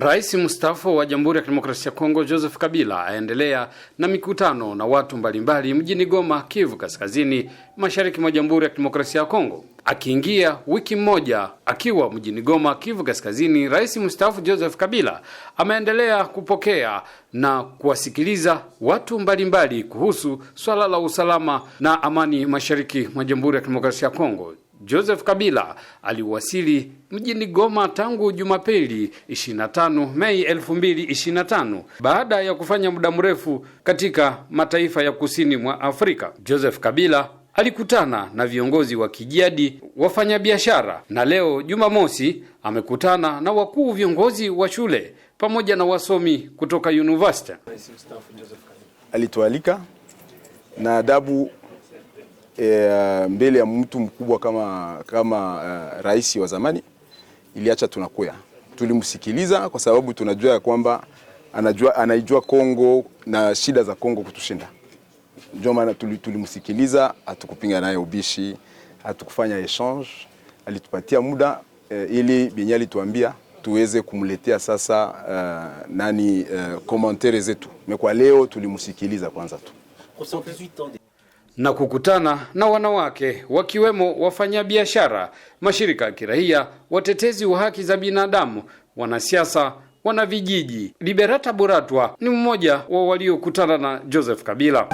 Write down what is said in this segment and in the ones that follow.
Rais mstaafu wa Jamhuri ya Kidemokrasia ya Kongo Joseph Kabila aendelea na mikutano na watu mbalimbali mjini Goma, Kivu Kaskazini, mashariki mwa Jamhuri ya Kidemokrasia ya Kongo. Akiingia wiki moja akiwa mjini Goma, Kivu Kaskazini, rais mstaafu Joseph Kabila ameendelea kupokea na kuwasikiliza watu mbalimbali kuhusu swala la usalama na amani mashariki mwa Jamhuri ya Kidemokrasia ya Kongo. Joseph Kabila aliwasili mjini Goma tangu Jumapili 25 Mei 2025 baada ya kufanya muda mrefu katika mataifa ya kusini mwa Afrika. Joseph Kabila alikutana na viongozi wa kijadi, wafanyabiashara, na leo Jumamosi amekutana na wakuu viongozi wa shule pamoja na wasomi kutoka university. Alitualika na adabu e, mbele ya mtu mkubwa kama, kama e, rais wa zamani iliacha tunakuya. Tulimsikiliza kwa sababu tunajua ya kwamba anajua, anaijua Kongo na shida za Kongo kutushinda, ndio maana tulimsikiliza. Hatukupinga naye ubishi, hatukufanya exchange, alitupatia muda e, ili benye alituambia tuweze kumletea sasa uh, nani uh, commentaire zetu. Mekwa leo tulimsikiliza kwanza tu na kukutana na wanawake wakiwemo wafanyabiashara, mashirika ya kiraia, watetezi wa haki za binadamu, wanasiasa, wana vijiji. Liberata Buratwa ni mmoja wa waliokutana na Joseph Kabila.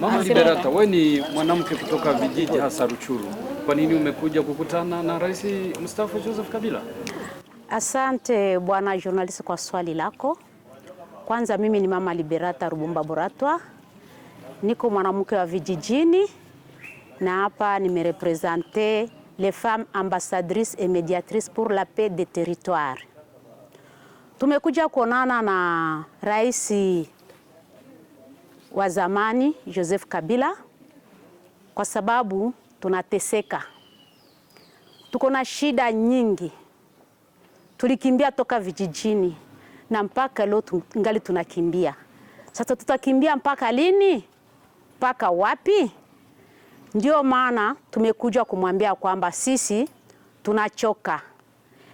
Mama Liberata, wewe ni mwanamke kutoka vijiji hasa Ruchuru, kwa nini umekuja kukutana na Rais mstaafu Joseph Kabila? Asante bwana journalist kwa swali lako. Kwanza mimi ni Mama Liberata Rubumba Boratwa, niko mwanamke wa vijijini na hapa nimerepresente les femmes ambassadrices et médiatrices pour la paix des territoires. Tumekuja kuonana na Rais wa zamani Joseph Kabila kwa sababu tunateseka, tuko na shida nyingi. Tulikimbia toka vijijini na mpaka leo ngali tunakimbia. Sasa tutakimbia mpaka lini? Mpaka wapi? Ndio maana tumekuja kumwambia kwamba sisi tunachoka,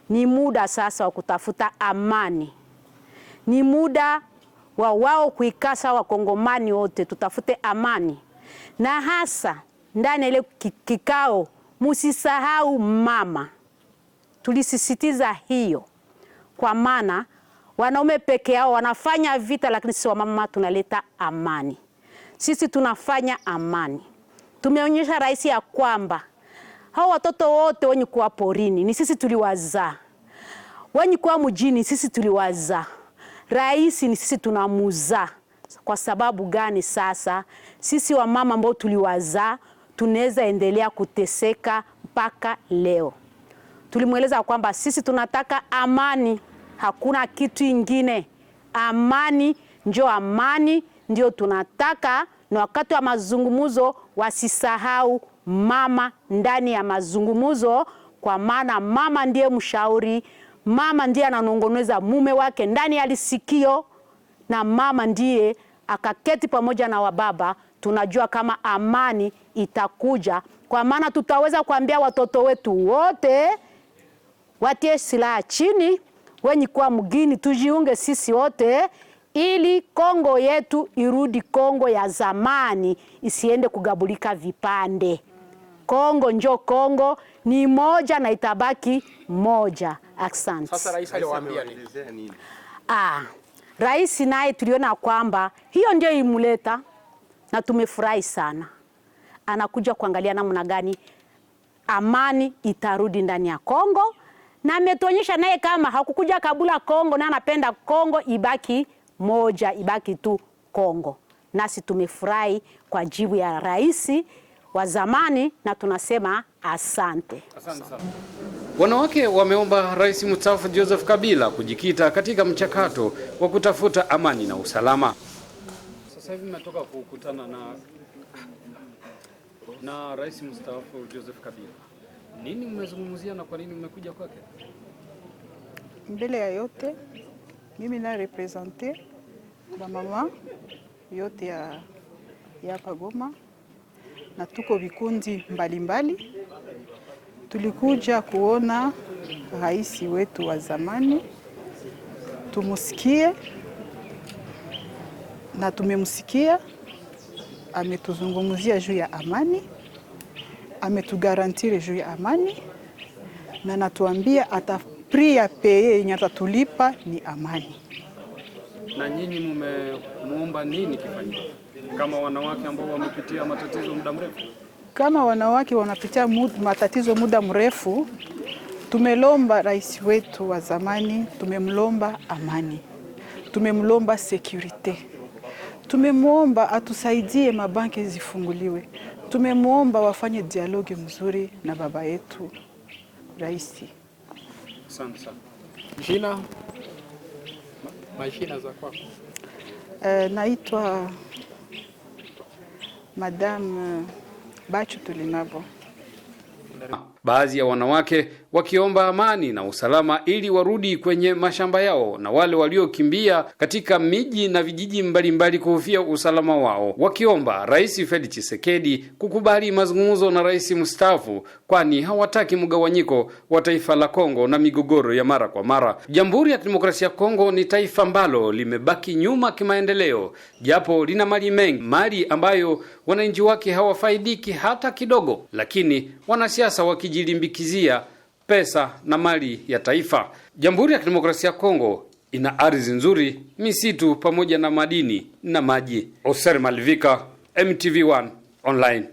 ni muda sasa wa kutafuta amani, ni muda wa wao kuikasa wakongomani wote, tutafute amani na hasa ndani ile kikao, musisahau mama. Tulisisitiza hiyo kwa maana wanaume peke yao wanafanya vita, lakini sisi wamama tunaleta amani, sisi tunafanya amani. Tumeonyesha rais ya kwamba hao watoto wote wenye kuwa porini ni sisi tuliwazaa, wenye kuwa mjini sisi tuliwazaa Rais ni sisi tunamuzaa. Kwa sababu gani? Sasa sisi wamama ambao tuliwazaa tunaweza endelea kuteseka mpaka leo. Tulimweleza kwamba sisi tunataka amani, hakuna kitu ingine. Amani ndio amani ndio tunataka, na wakati wa mazungumzo wasisahau mama ndani ya mazungumzo, kwa maana mama ndiye mshauri mama ndiye ananongoneza mume wake ndani ya lisikio, na mama ndiye akaketi pamoja na wababa, tunajua kama amani itakuja, kwa maana tutaweza kuambia watoto wetu wote watie silaha chini, wenye kuwa mgini, tujiunge sisi wote ili Kongo yetu irudi Kongo ya zamani, isiende kugabulika vipande. Kongo njo Kongo ni moja na itabaki moja. Asante. Sasa rais aliwaambia nini? Ah, rais naye tuliona kwamba hiyo ndio imuleta na tumefurahi sana. Anakuja kuangalia namna gani amani itarudi ndani ya Kongo na ametuonyesha naye kama hakukuja kabula Kongo na anapenda Kongo ibaki moja, ibaki tu Kongo. Nasi tumefurahi kwa jibu ya rais wa zamani na tunasema Asante. Wanawake wameomba Rais mstaafu Joseph Kabila kujikita katika mchakato wa kutafuta amani na usalama. Sasa hivi mmetoka kukutana na na Rais mstaafu Joseph Kabila. Nini mmezungumzia na kwa nini mmekuja kwake? Mbele ya yote mimi na represente ba mama yote ya hapa Goma na tuko vikundi mbalimbali. Tulikuja kuona rais wetu wa zamani, tumusikie na tumemsikia. Ametuzungumzia juu ya amani, ametugarantire juu ya amani na natuambia atapria peye yenye atatulipa ni amani. Na nyinyi mumemuomba nini kifanyike? kama wanawake ambao wamepitia matatizo muda mrefu? Kama wanawake wanapitia matatizo muda mrefu, tumelomba rais wetu wa zamani, tumemlomba amani, tumemlomba sekurite, tumemwomba atusaidie mabanki zifunguliwe, tumemwomba wafanye dialogi mzuri na baba yetu rais. Asante sana. Jina majina za kwako? Uh, naitwa мадам е, Бачу Толінабо. baadhi ya wanawake wakiomba amani na usalama ili warudi kwenye mashamba yao, na wale waliokimbia katika miji na vijiji mbalimbali kuhofia usalama wao, wakiomba Rais Felix Tshisekedi kukubali mazungumzo na rais mstaafu, kwani hawataki mgawanyiko wa taifa la Kongo na migogoro ya mara kwa mara. Jamhuri ya Kidemokrasia ya Kongo ni taifa ambalo limebaki nyuma kimaendeleo, japo lina mali mengi, mali ambayo wananchi wake hawafaidiki hata kidogo, lakini wanasiasa wakiji kujilimbikizia pesa na mali ya taifa. Jamhuri ya Kidemokrasia ya Kongo ina ardhi nzuri, misitu pamoja na madini na maji. Oser Malvika, MTV1 Online.